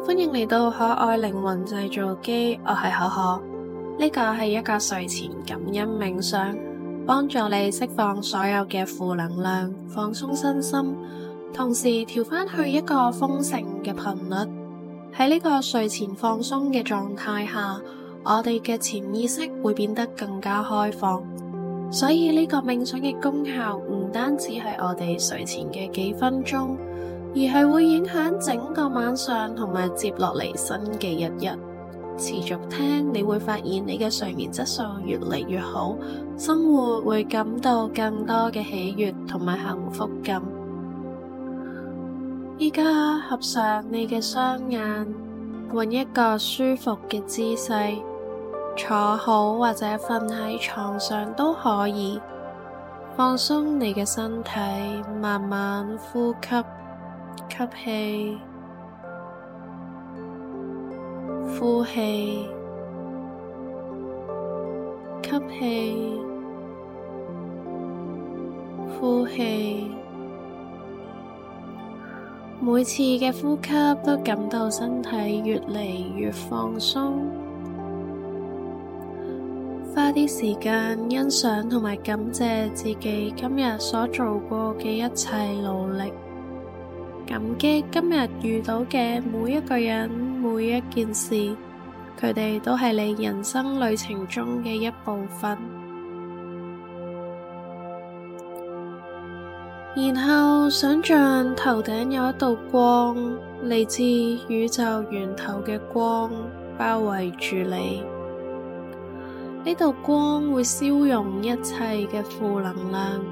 歡迎嚟到可愛靈魂製造機，我係可可。呢個係一個睡前感恩冥想，幫助你釋放所有嘅負能量，放鬆身心，同時調翻去一個豐盛嘅頻率。喺呢個睡前放鬆嘅狀態下，我哋嘅潛意識會變得更加開放。所以呢個冥想嘅功效唔單止係我哋睡前嘅幾分鐘。而係會影響整個晚上同埋接落嚟新嘅一日。持續聽，你會發現你嘅睡眠質素越嚟越好，生活會感到更多嘅喜悅同埋幸福感。依家合上你嘅雙眼，換一個舒服嘅姿勢，坐好或者瞓喺床上都可以。放鬆你嘅身體，慢慢呼吸。吸氣，呼氣，吸氣，呼氣。每次嘅呼吸都感到身體越嚟越放鬆。花啲時間欣賞同埋感謝自己今日所做過嘅一切努力。感激今日遇到嘅每一個人、每一件事，佢哋都係你人生旅程中嘅一部分。然後想象頭頂有一道光，嚟自宇宙源頭嘅光，包圍住你。呢道光會消融一切嘅負能量。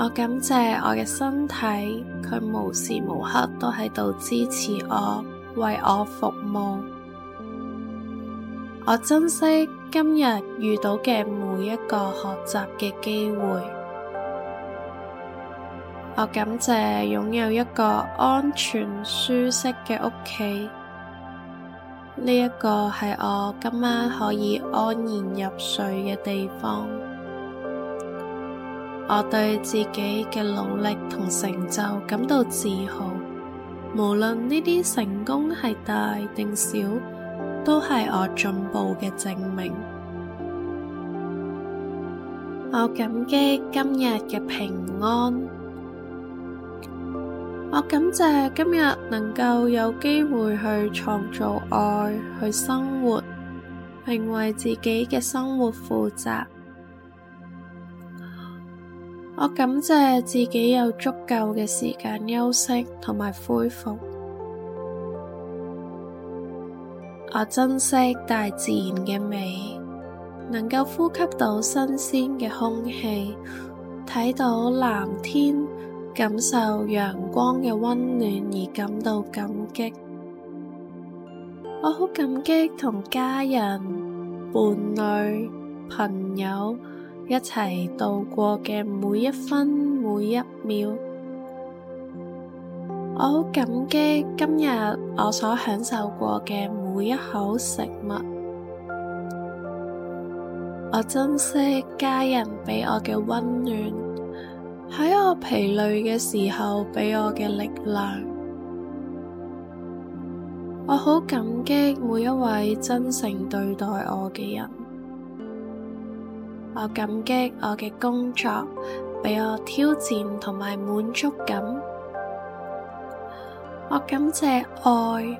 我感謝我嘅身體，佢無時無刻都喺度支持我，為我服務。我珍惜今日遇到嘅每一個學習嘅機會。我感謝擁有一個安全舒適嘅屋企，呢一個係我今晚可以安然入睡嘅地方。我對自己嘅努力同成就感到自豪，無論呢啲成功係大定小，都係我進步嘅證明。我感激今日嘅平安。我感謝今日能夠有機會去創造愛，去生活，並為自己嘅生活負責。我感謝自己有足夠嘅時間休息同埋恢復。我珍惜大自然嘅美，能夠呼吸到新鮮嘅空氣，睇到藍天，感受陽光嘅溫暖而感到感激。我好感激同家人、伴侶、朋友。一齊度過嘅每一分每一秒，我好感激今日我所享受過嘅每一口食物，我珍惜家人畀我嘅溫暖，喺我疲累嘅時候畀我嘅力量，我好感激每一位真誠對待我嘅人。我感激我嘅工作畀我挑戰同埋滿足感。我感謝愛，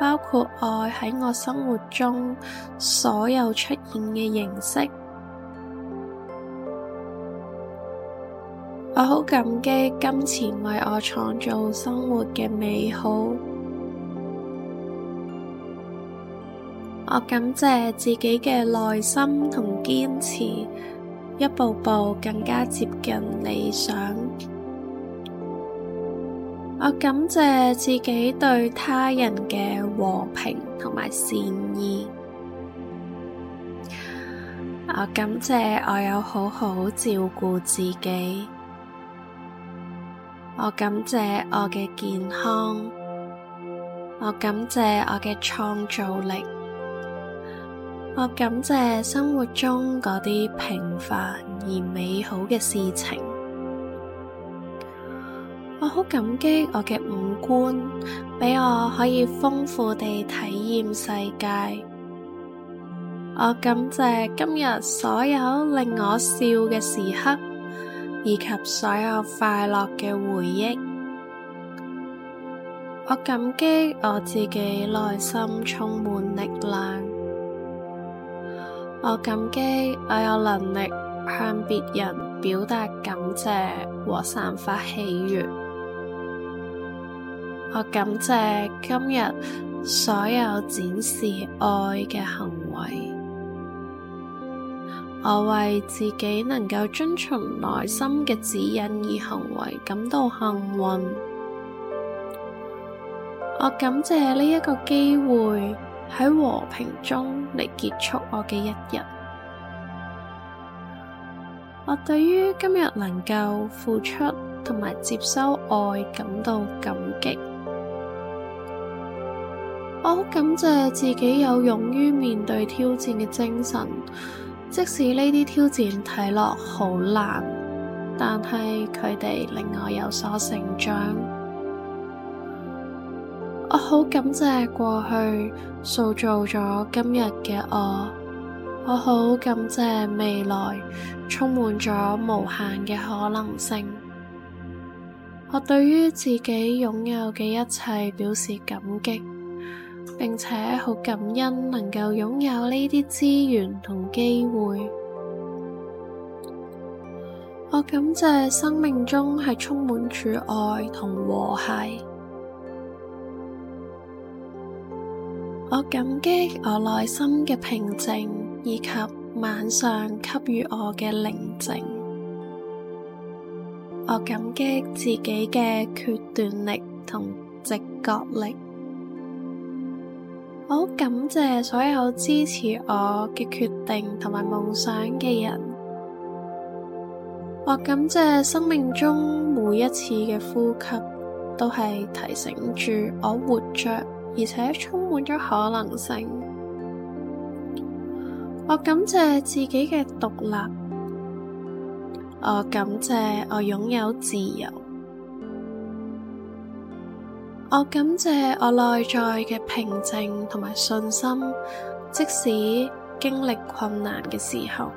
包括愛喺我生活中所有出現嘅形式。我好感激金錢為我創造生活嘅美好。我感謝自己嘅耐心同堅持，一步步更加接近理想。我感謝自己對他人嘅和平同埋善意。我感謝我有好好照顧自己。我感謝我嘅健康。我感謝我嘅創造力。我感謝生活中嗰啲平凡而美好嘅事情。我好感激我嘅五官，俾我可以豐富地體驗世界。我感謝今日所有令我笑嘅時刻，以及所有快樂嘅回憶。我感激我自己內心充滿力量。我感激我有能力向別人表達感謝和散發喜悅。我感謝今日所有展示愛嘅行為。我為自己能夠遵從內心嘅指引而行為感到幸運。我感謝呢一個機會。喺和平中嚟結束我嘅一日，我對於今日能夠付出同埋接收愛感到感激。我好感謝自己有勇於面對挑戰嘅精神，即使呢啲挑戰睇落好難，但係佢哋令我有所成長。我好感謝過去塑造咗今日嘅我，我好感謝未來充滿咗無限嘅可能性。我對於自己擁有嘅一切表示感激，並且好感恩能夠擁有呢啲資源同機會。我感謝生命中係充滿住愛同和諧。我感激我內心嘅平靜，以及晚上給予我嘅寧靜。我感激自己嘅決斷力同直覺力。我好感謝所有支持我嘅決定同埋夢想嘅人。我感謝生命中每一次嘅呼吸，都係提醒住我活着。而且充滿咗可能性，我感謝自己嘅獨立，我感謝我擁有自由，我感謝我內在嘅平靜同埋信心，即使經歷困難嘅時候，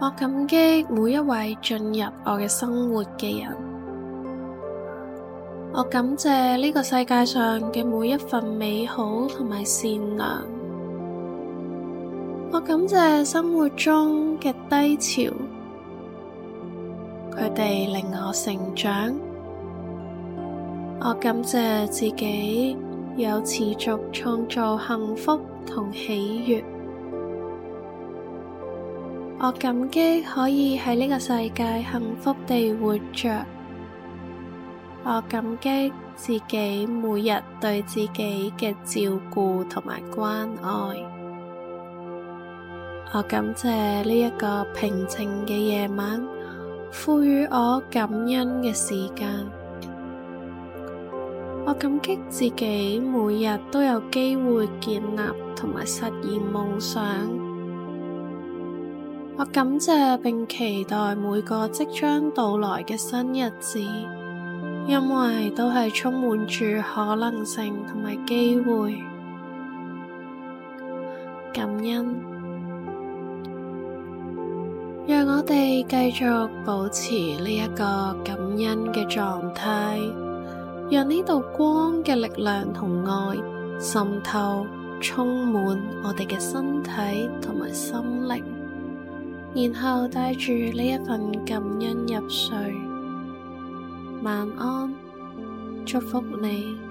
我感激每一位進入我嘅生活嘅人。我感謝呢個世界上嘅每一份美好同埋善良。我感謝生活中嘅低潮，佢哋令我成長。我感謝自己有持續創造幸福同喜悦。我感激可以喺呢個世界幸福地活着。我感激自己每日對自己嘅照顧同埋關愛。我感謝呢一個平靜嘅夜晚，賦予我感恩嘅時間。我感激自己每日都有機會建立同埋實現夢想。我感謝並期待每個即將到來嘅新日子。因為都係充滿住可能性同埋機會，感恩，讓我哋繼續保持呢一個感恩嘅狀態，讓呢度光嘅力量同愛滲透，充滿我哋嘅身體同埋心靈，然後帶住呢一份感恩入睡。晚安，祝福你。